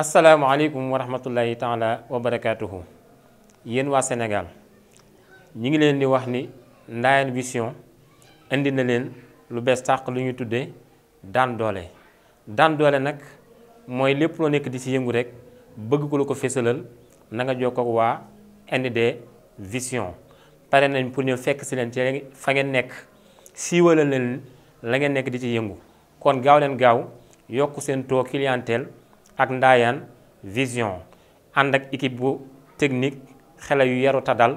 asalaamaaleykum wa rahmatullahi taala wa barakaatuhu yéen waa Sénégal ñi ngi leen di wax ni Ndayane Vision indi na leen lu bees tàq lu ñu tuddee daan doole daan doole nag mooy lépp loo nekk di ci yëngu rek bëgg ko lu ko fésalal na nga jokkoo ak waa ND Vision pare nañ pour ñu fekk si leen ci fa ngeen nekk siiwalal la ngeen nekk di ci yëngu kon gaaw leen gaaw yokk seen taux clientèle ak ndaayaan vision ànd ak équipe bu technique xale yu yaru ta dal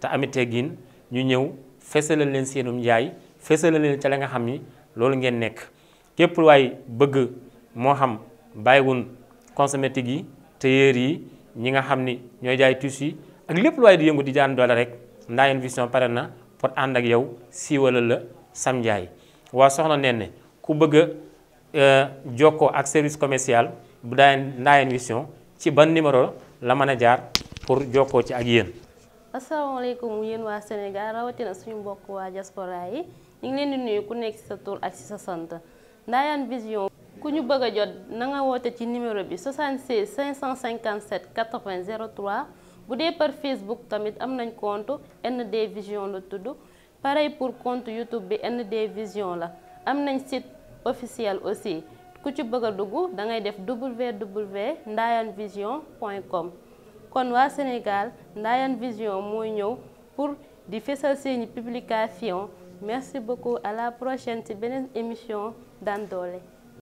te amit teggin ñu ñëw fësalal leen seenu njaay fësalal leen ca la nga xam ni loolu ngeen nekk képp waaye bëgg moo xam bàyyiwun cosmétique yi tailleur yi ñi nga xam ni ñooy jaay tissu yi ak lépp lu waay di yëngu di jaan doole rek Ndayane vision pare na pour ànd ak yow siiwalal la sam njaay waa soxna Nene ku bëgg a euh, jokkoo ak service commercial bu Ndayane Ndayane Vision ci ban numéro la mën a jaar pour jokkoo ci ak yéen. asalaamaaleykum yéen waa Sénégal rawatina suñu mbokk waa diaspora yi ñu ngi leen di nuyu ku nekk ci sa tur ak ci sa sant Ndayane Vision. ku ñu bëgg a jot na nga woote ci numéro bi 76 557 80 03 bu dee par Facebook tamit am nañ compte ND Vision la tudd pareil pour compte YouTube bi ND Vision la am nañ site officiel aussi. ku ci bëgg a dugg da ngay def www ndayan vision point com kon waa Sénégal ndayan vision mooy ñëw pour di fésal seeni publication merci beaucoup à la prochaine ci beneen émission Daan Doole